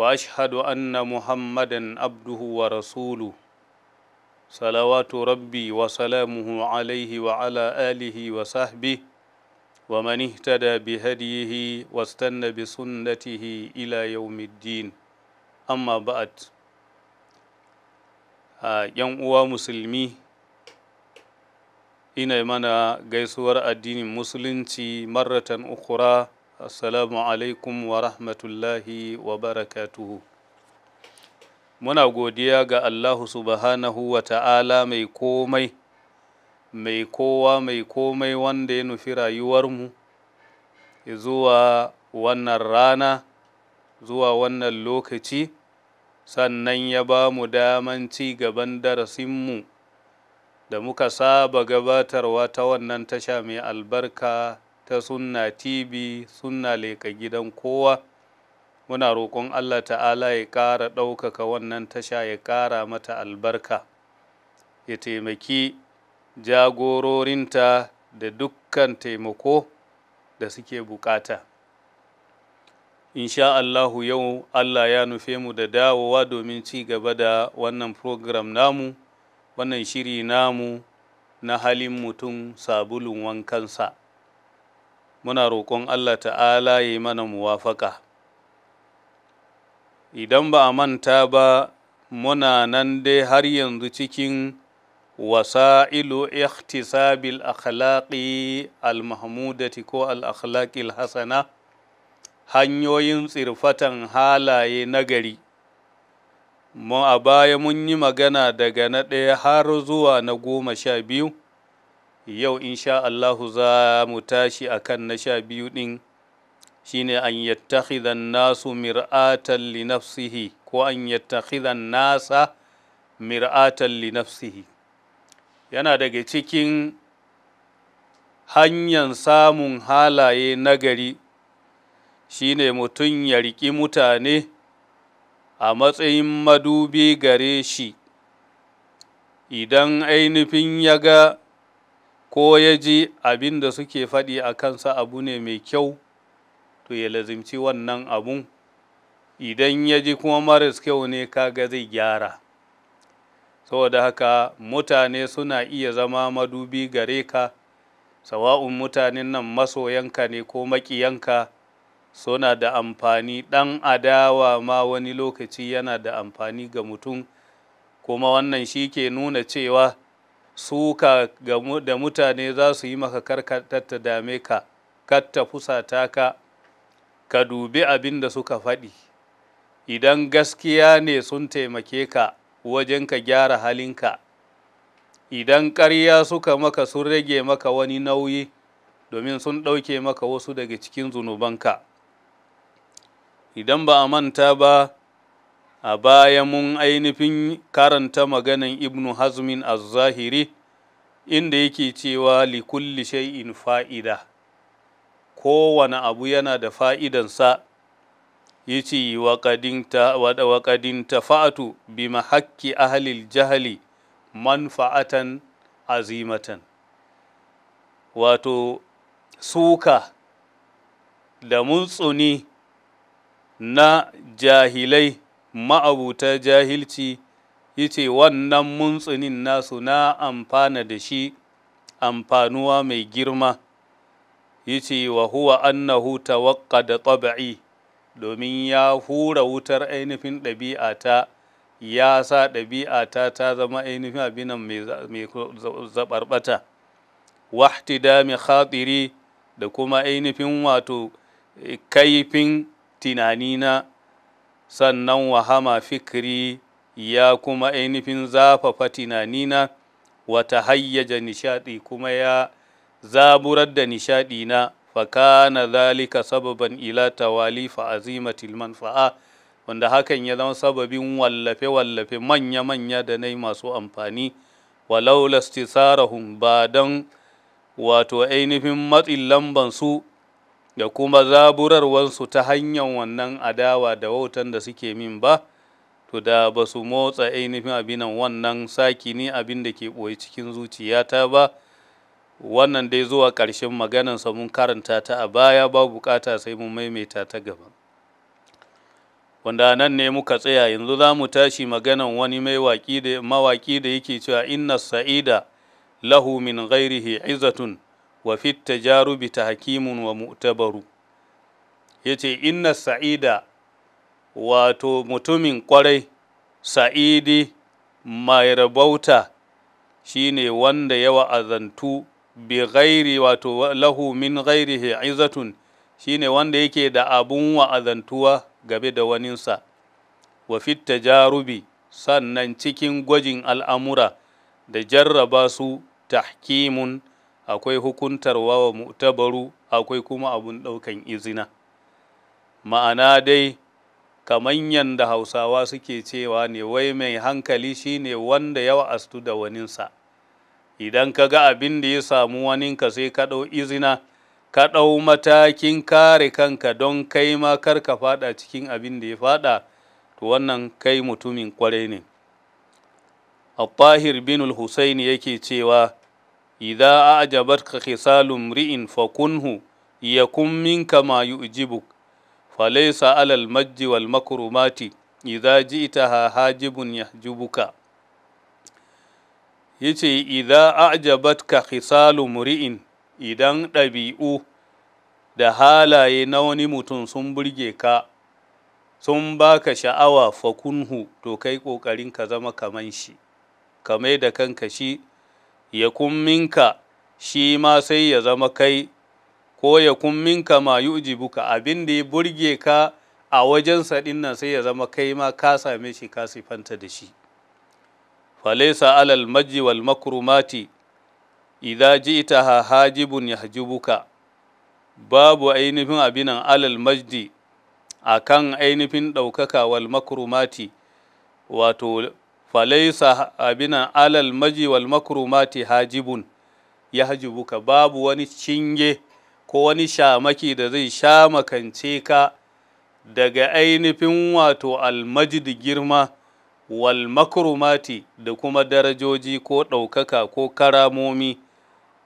واشهد ان محمدا عبده ورسوله صلوات ربي وسلامه عليه وعلى اله وصحبه ومن اهتدى بهديه واستنى بسنته الى يوم الدين اما بعد yan uwa musulmi ina mana gaisuwar addinin musulunci marratan ukura assalamu alaikum wa rahmatullahi wa barakatuhu muna godiya ga allahu subhanahu wa ta'ala mai komai mai kowa mai komai wanda ya nufi rayuwarmu zuwa wannan rana zuwa wannan lokaci sannan ya ba mu daman ci gaban darasinmu da muka saba gabatarwa ta wannan tasha mai albarka ta sunna tv sunna leka gidan kowa muna roƙon allah ta'ala ya ƙara ɗaukaka wannan tasha ya ƙara mata albarka ya taimaki jagororinta da dukkan taimako da suke bukata insha allahu yau allah ya nufe mu da dawowa domin ci gaba da wannan program namu wannan shiri namu na halin mutum sabulun wankansa muna roƙon allah ta'ala yi mana muwafaƙa idan ba a manta ba muna nan dai har yanzu cikin wasa'ilu ikhtisabil akhlaqi al-mahmudati ko al-akhlaqil hasana hanyoyin tsirfatan halaye nagari mu a baya mun yi magana daga na ɗaya har zuwa na goma sha biyu yau insha Allah za mu tashi akan na sha biyu ɗin shine an yattakhidha nasu mir'atan li nafsihi ko an yattakhidha nasa mir'atan li nafsihi yana daga cikin hanyar samun halaye nagari shine mutum ya riƙi mutane a matsayin madubi gare shi idan ainihin ya ga ko ya ji abin da suke faɗi a kansa abu ne mai kyau to ya lazimci wannan abun idan ya ji kuma maras kyau ne kaga zai gyara saboda haka mutane suna iya zama madubi gare ka sawa'un mutanen nan masoyanka ne ko maƙiyanka suna da amfani ɗan adawa ma wani lokaci yana da amfani ga mutum kuma wannan shi ke nuna cewa suka da mutane za su yi maka karkatar dame ka katta fusata ka ka dubi abin da suka faɗi idan gaskiya ne sun taimake ka wajen ka gyara halinka idan ƙarya suka maka sun rage maka wani nauyi domin sun ɗauke maka wasu daga cikin zunubanka idan ba a manta ba a baya mun ainihin karanta maganan ibnu hazmin az-zahiri inda yake cewa likulli shay'in fa'ida kowane abu yana da fa'idansa yace waƙadinta ta fa'atu bi mahakki ahlil jahali manfa'atan azimatan wato suka da muntsuni na jahilai ma'abuta jahilci yace wannan muntsinin nasu na amfana da shi amfanuwa mai girma yace wa huwa annahu da tab'i domin ya hura wutar ainihin ɗabi'ata ya sa ɗabi'ata ta ta zama ainihin abinan mai zaɓarɓata wahtidami khatiri da kuma ainihin wato kaifin tunanina sannan wahama fikiri ya kuma ainihin zafafa tunanina wata hayyaja nishaɗi kuma ya zaburar da nishaɗi na fakana zalika sababan ila tawali fa azimatil manfa'a wanda hakan ya zama sababin wallafe-wallafe manya-manya da na yi masu amfani walau lastisarahum ba don wato ainihin matsin lamban su da kuma zaburarwansu ta hanyar wannan adawa da wautan da suke min ba to da ba su motsa ainihin abinan wannan saki ne abin da ke ɓoye cikin zuciyata ba wannan dai zuwa ƙarshen maganansa mun karanta ta a baya ba bukata sai mun maimaita ta gaba wanda nan ne muka tsaya yanzu za mu tashi maganan wani mawaƙi da yake cewa inna sa'ida lahu min ghairihi izatun wa fit tajarubi tahkimun wa mu'tabaru yace inna sa'ida wato mutumin kwarai sa'idi mai rabauta shine wanda ya wa'azantu bi ghairi wato lahu min ghairihi shi shine wanda yake da abun wa'azantuwa gabe da waninsa wa jarubi jarubi sannan cikin gwajin al'amura da jarraba su tahkimun akwai hukuntarwa wa mu'tabaru akwai kuma abun ɗaukan izina ma'ana dai kamar yadda hausawa suke cewa ne wai mai hankali shine wanda ya wa'astu da waninsa idan ka ga abin da ya samu waninka sai ka ɗau izina ka ɗau matakin kare kanka don kai ma kar ka faɗa cikin abin da ya faɗa to wannan kai mutumin kwarai ne al bin al yake cewa idza a'jabatka khisalum ri'in fakunhu kun minka ma yu'jibuk falaisa alal majji wal makurumati idza ji'taha hajibun yahjubuka yace idza a'jabatka khisalu muri'in idan ɗabi'u da halaye na wani mutum sun burge ka sun baka sha'awa fakunhu to kai ƙoƙarin ka zama kaman shi da kanka shi ya kumminka shi ma sai ya zama kai ko ya kun minka ma buka abin da ya burge ka a wajensa dinnan sai ya zama kai ma ka same shi ka sifanta da shi falaisa alal majji wal makrumati idza ha hajibun yahjubuka babu ainihin abinan alal majdi kan ainihin ɗaukaka wal makrumati wato falaisa abinan alal maji wal makrumati hajibun ya babu wani cinge ko wani shamaki da zai shamakance ka daga ainihin wato almajid girma wal makrumati da kuma darajoji ko ɗaukaka ko karamomi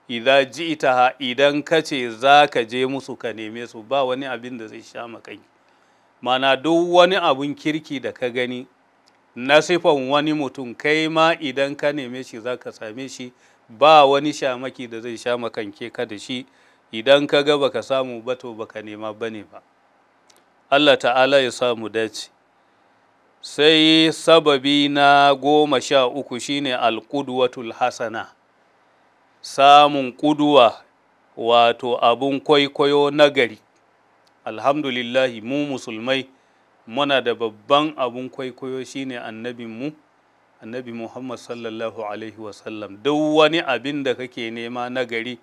idan ji ita idan ka ce za ka je musu ka neme su ba wani abin da zai sha makai mana duk wani abun kirki da ka gani na sifan wani mutum kai ma idan ka neme shi za ka same shi ba wani shamaki da zai sha makanke ka da shi idan ka ga baka samu ba to baka nema bane ba Allah ta'ala ya samu dace sai sababi na goma sha uku shine alƙudwatul hasana samun kuduwa wato abun kwaikwayo nagari alhamdulillahi mu musulmai muna da babban abun kwaikwayo shine annabinmu annabi muhammad sallallahu alaihi wasallam duk wani abin da kake nema nagari gari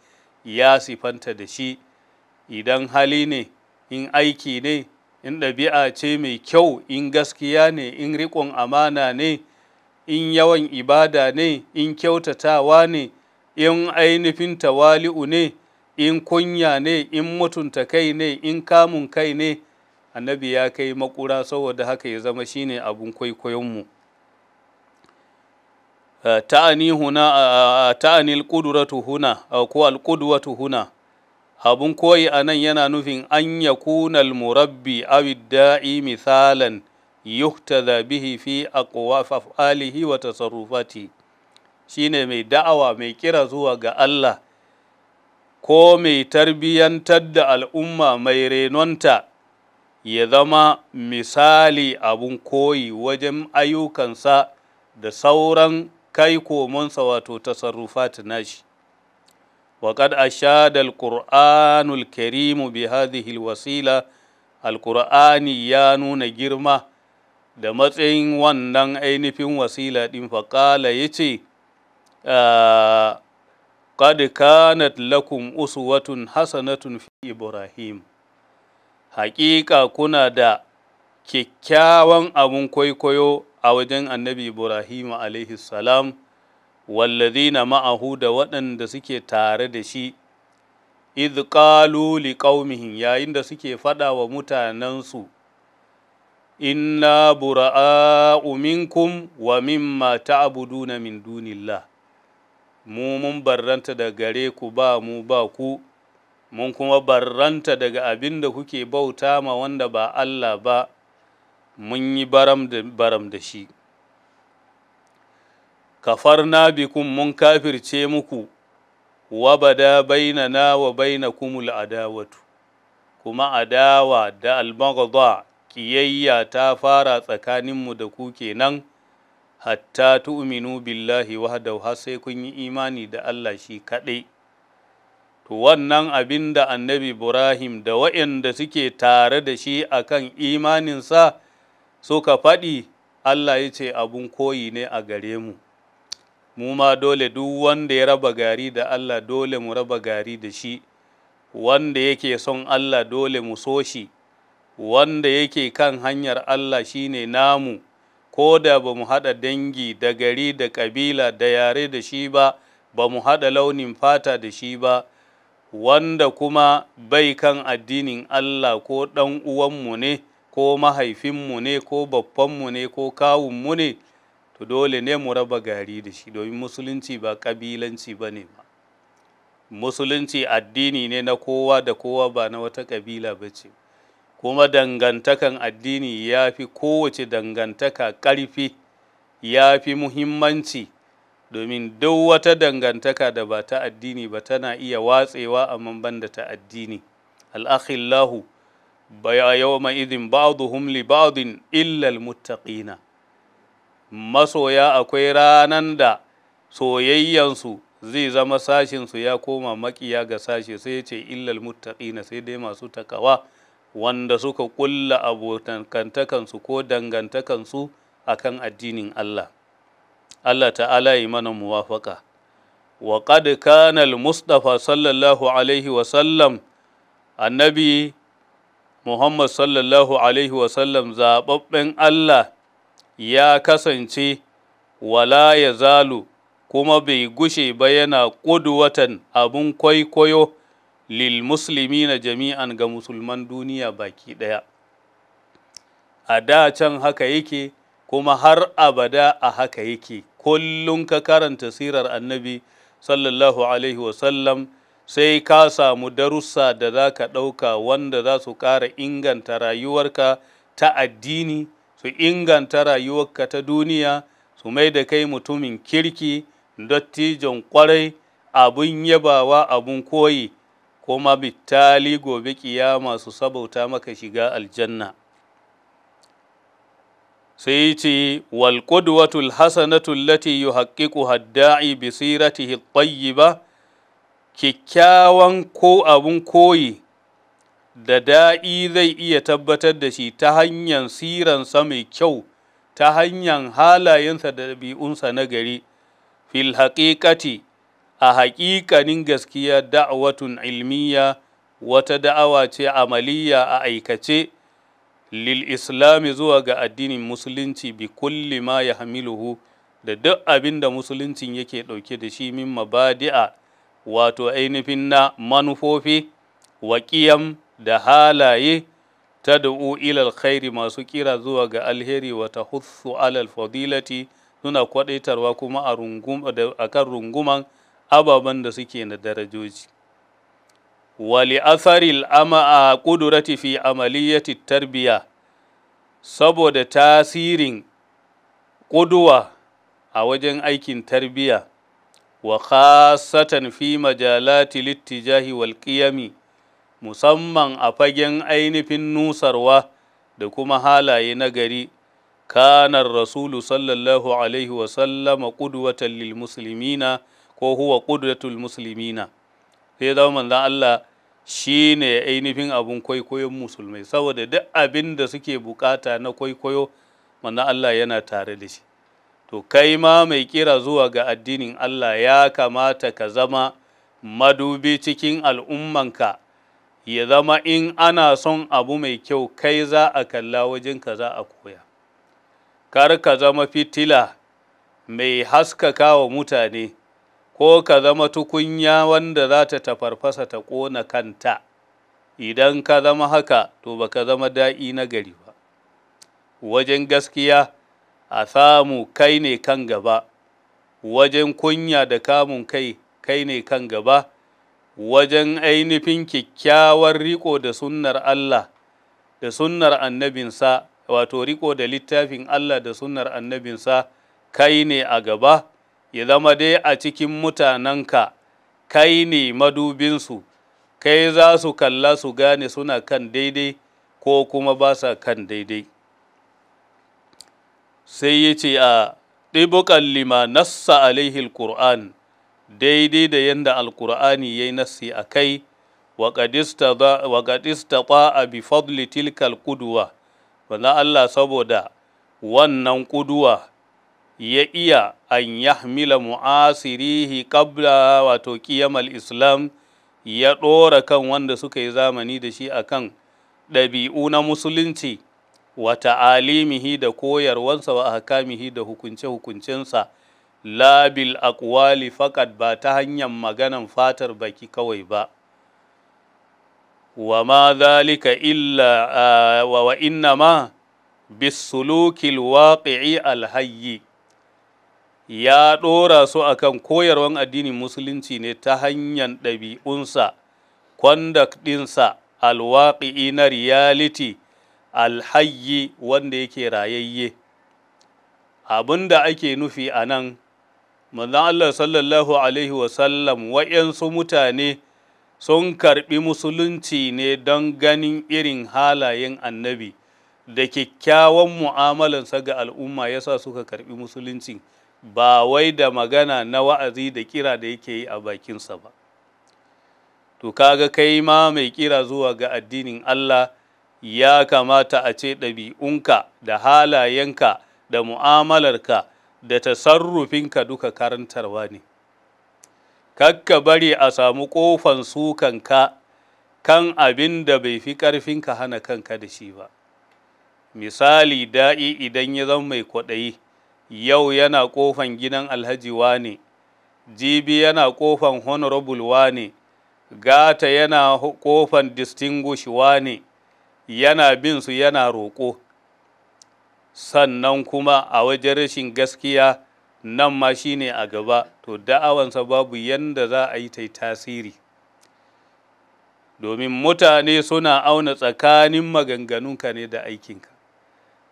ya sifanta da shi idan hali ne in aiki ne in ɗabi'a ce mai kyau in gaskiya ne in riƙon amana ne in yawan ibada ne in kyautatawa ne in ainihin tawali'u ne in kunya ne in mutunta kai ne in kamun kai ne annabi ya kai makura saboda haka ya zama shine abun kwaikwayonmu Eh, ta'ani huna ta'ani alqudratu huna ko alqudwatu huna abun koyi anan yana nufin an yakuna almurabbi aw da'i misalan yuhtada bihi fi aqwaf af'alihi wa tasarrufati shine mai da'awa mai kira zuwa ga Allah ko mai tarbiyantar da al'umma mai renonta ya zama misali abun koyi wajen ayyukansa da sauran kai komonsa wato tasarrufat nashi waƙad ashada alƙur'anul kerimu bi hadhihi alwasila alƙur'ani ya nuna girma da matsayin wannan ainihin wasila ɗin faƙala ya ce ƙad ah, kanat lakum uswatun hasanatun fi ibrahim haƙiƙa kuna da kyakkyawan abin kwaikwayo a wajen annabi ibrahim alaihi salam wallazina ma'ahu da waɗanda suke tare da shi idh qalu liqaumihim yayin da suke faɗa wa mutanensu inna bura'a'u minkum wa mimma ta'buduna min dunillah mu mun barranta da gare ku ba mu ba ku mun kuma barranta daga abin da kuke bauta ma wanda ba Allah ba mun yi baram da baram da shi kafarna bikum mun kafirce muku wa bada na wa bainakumul adawatu kuma adawa da almaghda ƙiyayya ta fara tsakaninmu da ku kenan hatta tu'minu billahi wahdahu har sai kun yi imani da Allah shi kaɗai to wannan abin da annabi Ibrahim da wa'anda suke tare da shi akan imaninsa so ka faɗi Allah ya ce abun koyi ne a gare mu mu ma dole duk wanda ya raba gari da Allah dole mu raba gari da shi wanda yake son Allah dole mu so shi wanda yake kan hanyar Allah shi ne namu ko da ba mu haɗa dangi da gari da ƙabila da yare da shi ba ba mu haɗa launin fata da shi ba wanda kuma bai kan addinin Allah ko ɗan uwanmu ne ko mahaifinmu ne ko babbanmu ne ko kawunmu ne to dole ne mu raba gari da shi domin musulunci ba ƙabilanci ba ne ba musulunci addini ne na kowa da kowa ba na wata ƙabila ba kuma dangantakan addini ya fi kowace dangantaka karfi ya fi muhimmanci domin duk wata dangantaka da ba ta addini ba tana iya watsewa a da ta addini al'akhillahu baya yawma idin ba li illal illa almuttaqina masoya akwai ranan da soyayyansu zai zama sashinsu ya koma makiya ga sashe sai ya ce illal muttaqina sai dai masu takawa wanda suka kulla abokantakansu ko dangantakansu a kan addinin Allah Allah ta'ala yi mana muwafaka wa qad kana al-mustafa sallallahu alaihi wa sallam annabi muhammad sallallahu alaihi wasallam zaɓaɓɓen allah ya kasance wala ya zalu kuma bai gushe ba yana ƙuduwatan abin kwaikwayo lil musulmi na jami'an ga musulman duniya baki ɗaya a da can haka yake kuma har abada a haka yake kullum ka karanta sirar annabi sallallahu alaihi wasallam sai ka samu darussa da za ka ɗauka wanda za su ƙara inganta rayuwarka ta addini su inganta rayuwarka ta duniya su mai da kai mutumin kirki dattijon ƙwarai abun yabawa abun koyi kuma bittali gobe kiyama su sabauta maka shiga aljanna sai ce wal qudwatul hasanatu allati yuhaqqiquha ad bi siratihi at kyakkyawan ko abin koyi da daɗi zai iya tabbatar da shi ta hanyar siransa mai kyau ta hanyar halayensa da ɗabi'unsa na gari fil haƙiƙati a haƙiƙanin gaskiya da'awatun ilmiya wata da'awa ce amaliya a aikace lil islami zuwa ga addinin musulunci bi kulli ma ya hamiluhu da duk abin da musuluncin yake ɗauke da shi min mabadi'a wato ainihin na manufofi wa ƙiyam da halaye ta da'u ilal khairi masu kira zuwa ga alheri wa ta hussu alal fadilati suna kwaɗaitarwa kuma a kan runguman ababen da suke na darajoji wali asaril ama a ƙudurati fi amaliyyati tarbiya saboda tasirin ƙuduwa a wajen aikin tarbiyya. wa khasatan fi majalati littijahi wal musamman a fagen ainihin nusarwa da kuma halaye na gari kanar rasulu sallallahu alaihi wasallama ƙudwatan lil muslimina ko huwa ƙudwatul musulmina sai zama manzan Allah shi ne ainihin abun kwaikwayon musulmai saboda duk abin da suke bukata na kwaikwayo manzan Allah yana tare da shi to kai ma mai kira zuwa ga addinin Allah ya kamata ka zama madubi cikin al'ummanka ya zama in ana son abu mai kyau kai za a kalla wajen ka za a koya kar ka zama fitila mai haskaka wa mutane ko ka zama tukunya wanda za ta tafarfasa ta ƙona kanta idan ka zama haka to baka zama da'i na gari ba wajen gaskiya a samu kai ne kan gaba wajen kunya da kamun kai kai ne kan gaba wajen ainihin kyakkyawar riko da sunnar Allah da sunnar annabinsa wato riko da littafin Allah da sunnar annabinsa kai ne a gaba ya zama dai a cikin mutanenka kai ne madubinsu kai za su kalla su gane suna kan daidai ko kuma ba sa kan daidai sai ya ce a ɗibuƙan lima nassa alaihi alƙur'an daidai da yadda alƙur'ani ya yi nassi a kai waƙadista a bi fadli tilkal kuduwa wanda Allah saboda wannan kuduwa ya iya an yahmila mu'asirihi qabla wato ƙiyamal islam ya ɗora kan wanda suka yi zamani da shi akan ɗabi'u na musulunci wa ta'alimihi da koyarwansa wa ahkamihi da hukunce-hukuncensa labil akwali fakat ba ta hanyar maganan fatar baki kawai ba wa ma zalika illa wa wa inna ma bisulukil waqi'i alhayyi ya ɗora su akan koyarwan addinin musulunci ne ta hanyar ɗabi'unsa conduct ɗinsa alwaƙi'i na reality alhayyi wanda yake rayayye abin da ake nufi a nan manzan Allah sallallahu alaihi wasallam wa'yansu mutane sun karɓi musulunci ne don ganin irin halayen annabi da kyakkyawan mu'amalansa ga al'umma ya sa suka karbi musulunci ba wai da magana na wa'azi da kira da yake yi a bakinsa ba to kaga kai ma mai kira zuwa ga addinin Allah ya kamata a ce ɗabi'unka da halayenka da mu'amalarka da tasarrufinka duka karantarwa ne kakka bari a samu ƙofan sukanka kan abin da bai fi ƙarfinka hana kanka da shi ba misali da'i idan ya zama mai kwaɗayi yau yana ƙofan gidan alhaji wane jibi yana ƙofan honorable wane gata yana ƙofan distinguish wane yana bin su yana roƙo sannan kuma a wajen rashin gaskiya nan ma shi ne a gaba to da'awansa babu yadda za a yi ta tasiri domin mutane suna auna tsakanin maganganunka ne da aikinka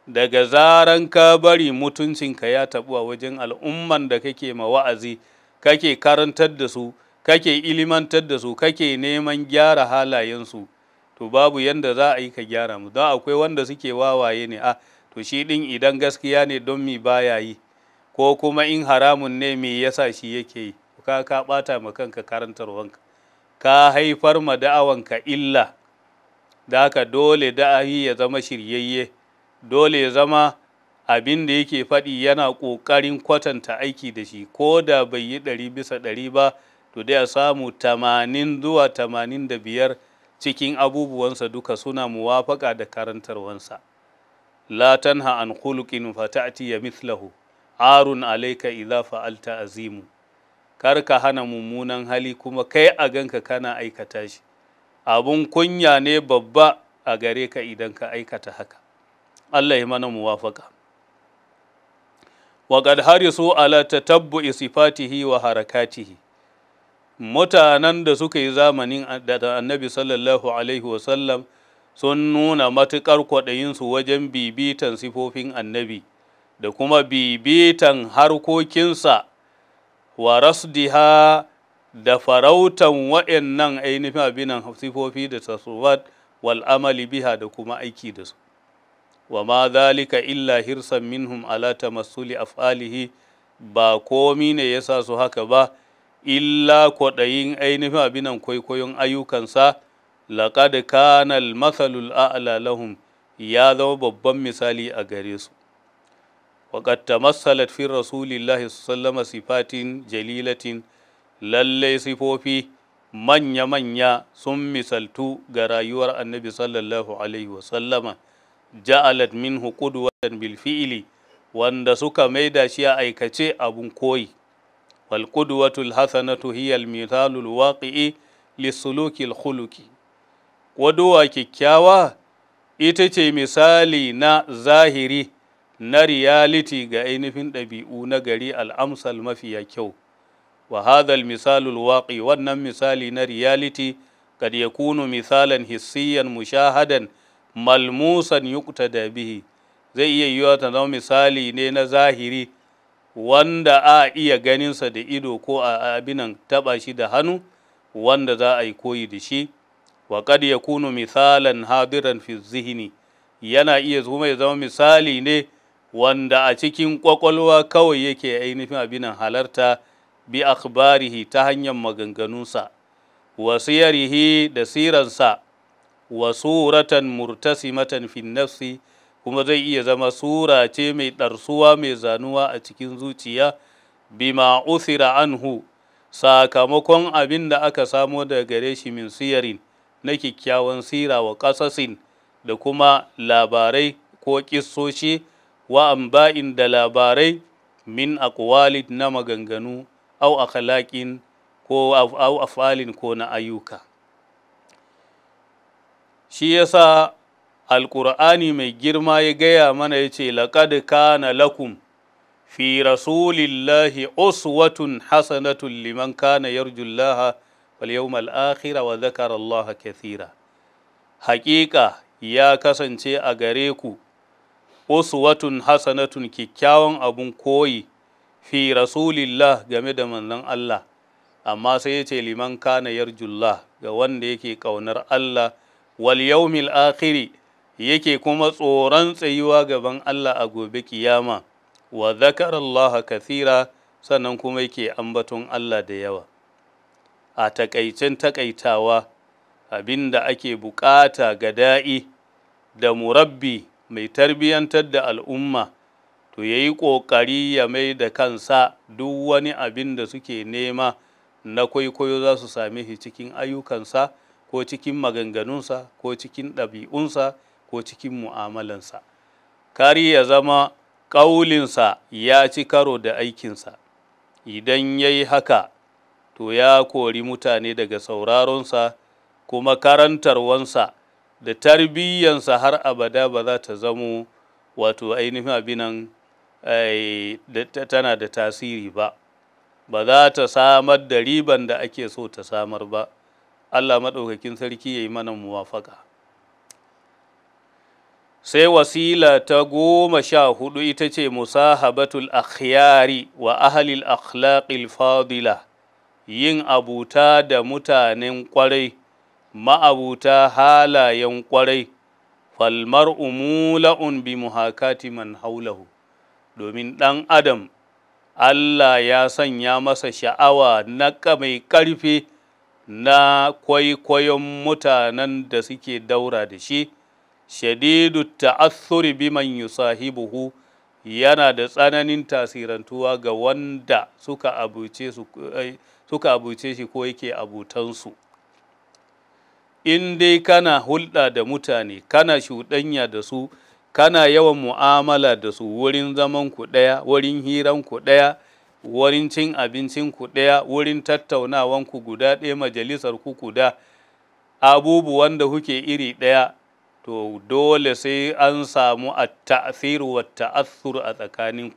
daga zaran ka bari mutuncinka ya tabu a wajen al'umman da kake ma wa'azi kake karantar da su kake ilimantar da su kake neman gyara halayensu to babu yanda za a yi ka gyara mu don akwai wanda suke wawaye ne a ah, to shi ɗin idan gaskiya ne don mi baya yi ko kuma in haramun ne me yasa shi yake yi ka ka ɓata ma kanka karantar wanka ka haifar ma da'awanka illa da haka dole da'ahi ya zama shiryayye dole ya zama abin da yake faɗi yana ƙoƙarin kwatanta aiki da shi ko da bai yi ɗari bisa ɗari ba to dai a samu tamanin zuwa tamanin da biyar cikin abubuwansa duka suna muwafaƙa da karantarwansa la tanha an khuluqin fata'ti ya mithlahu arun alayka idza fa'alta azimu kar ka hana mummunan hali kuma kai a ganka kana aikata shi abun kunya ne babba a gare ka idan ka aikata haka Allah ya mana muwafaka wa qad harisu ala tatabbu'i sifatihi wa harakatihi mutanen da suka yi zamanin annabi sallallahu alaihi wasallam sun nuna matuƙar kwaɗayinsu wajen bibitan sifofin annabi da kuma bibitan harkokinsa wa rasdiha da farautan waɗannan ainihin abinan sifofi da tasawwat wal'amali biha da kuma aiki da su wa ma zalika illa hirsan minhum ala tamassuli af'alihi ba komi ne yasa su haka ba illa kwaɗayin ainihin abinan kwaikwayon ayyukansa laƙad kana Kanal masalul a'la lahum ya zama babban misali a gare su waƙad tamassalat fi rasulillahi sallama sifatin jalilatin lalle sifofi manya-manya sun misaltu ga rayuwar annabi sallallahu alaihi wasallama ja'alat minhu qudwatan bil fi'li wanda suka maida shi a aikace abun koyi wal qudwatul hasanatu hiya al mithalul waqi'i li sulukil khuluqi wadowa kyakkyawa ita ce misali na zahiri na reality ga ainihin ɗabi'u na gari al'amsal mafiya kyau wa hadhal misalul waqi wannan misali na reality kad yakunu misalan hissiyan mushahadan malmusan yuqtada bihi zai iya yiwa ta zama misali ne na zahiri wanda a iya ganinsa da ido ko a abinan taba shi da hannu wanda za a yi koyi da shi wa kad yakunu misalan hadiran fi zihni yana iya zuma ya zama misali ne wanda a cikin kwakwalwa kawai yake ainihin abinan halarta bi akhbarihi ta hanyar maganganunsa wa siyarihi da siransa wa suratan murtasimatan fi nafsi kuma zai iya zama sura ce mai ɗarsuwa mai zanuwa a cikin zuciya bima usira anhu sakamakon abin da aka samo daga gare shi min siyarin na kyakkyawan sira wa ƙasasin da kuma labarai ko ƙissoshi wa amba'in da labarai min aqwalid na maganganu au akhlaqin ko afalin ko na ayyuka shi yasa alƙur'ani mai girma ya gaya mana ya ce laƙad kana lakum fi rasulillahi uswatun hasanatun liman kana yarjullaha wal yawmal akhir wa zakara Allah kathira haƙiƙa ya kasance a gare ku uswatun hasanatun kyakkyawan abun koyi fi rasulillah game da manzon Allah amma sai ya ce liman kana yarjullah ga wanda yake ƙaunar Allah wal yawmil akhiri yake kuma tsoron tsayuwa gaban Allah a gobe kiyama wa Allah kathira sannan kuma yake ambaton Allah da yawa a takaicin takaitawa abinda ake bukata ga da'i da murabbi mai tarbiyantar da al'umma to yayi kokari ya mai da kansa duk wani abin da suke nema na kwaikwayo za su same shi cikin ayyukansa ko cikin maganganunsa ko cikin ɗabi'unsa ko cikin mu'amalansa kar ya zama ƙaulinsa ya ci karo da aikinsa idan ya yi haka to ya kori mutane daga sauraronsa kuma karantarwansa da tarbiyyansa har abada ba za ta zamo wato ainihin abinan eh, tana da tasiri ba ba za ta samar da riban da ake so ta samar ba allah maɗaukakin sarki ya yi mana muwafaƙa. sai wasila ta goma sha hudu ita ce musahabatul akhyari wa ahalil akhlaqil fadila yin abuta da mutanen kwarai ma'abuta halayen kwarai falmar umula'un bi muhakati man haulahu domin ɗan adam Allah ya sanya masa sha'awa na mai ƙarfe na kwaikwayon mutanen da suke daura da shi shadidu ta'athuri biman yusahibuhu yana da tsananin tasirantuwa ga wanda suka abuce su eh, suka abuce shi ko yake abutansu in dai kana hulɗa da mutane kana shuɗanya da su kana yawan mu'amala da su wurin zaman ku ɗaya wurin hiran ku ɗaya wurin cin abincin ku ɗaya wurin tattaunawan ku guda ɗaya majalisar ku guda abubuwan da kuke iri ɗaya to dole sai an samu a tathir wa ta'athur a tsakanin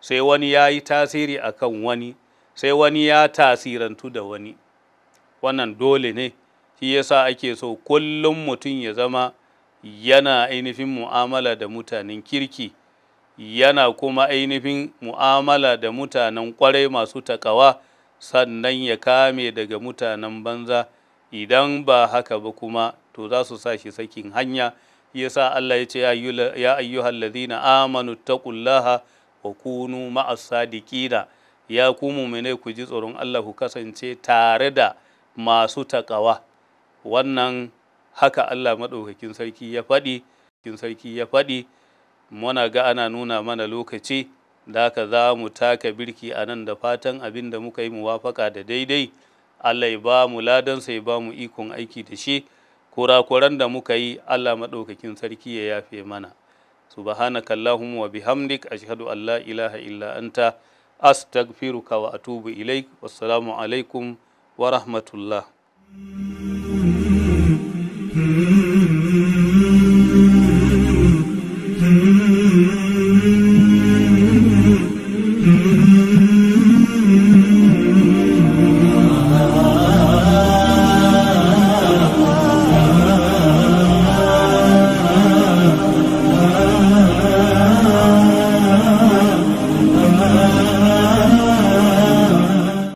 sai wani ya yi tasiri a kan wani sai wani ya tasirantu da wani wannan dole ne shi yasa ake so kullum mutum ya zama yana ainihin mu'amala da mutanen kirki yana kuma ainihin mu'amala da mutanen kwarai masu takawa sannan ya kame daga mutanen banza idan ba haka ba kuma to za su sa shi sakin hanya yasa Allah ya ce ya ayyuhal ladina amanu taqullaha wa kunu ma'as sadiqina ya ku mu'mine ku ji tsoron Allah ku kasance tare da masu takawa wannan haka Allah maɗaukakin sarki ya faɗi kin sarki ya faɗi muna ga ana nuna mana lokaci da haka za mu taka birki a nan da fatan abin da muka yi muwafaka da daidai Allah ya ba mu ladansa ya ba mu ikon aiki da shi kurakuran da muka yi Allah maɗaukakin sarki ya yafe mana subhanaka allahumma wa bihamdik ashhadu an la ilaha illa anta astaghfiruka wa atubu ilaik wassalamu alaikum wa rahmatullah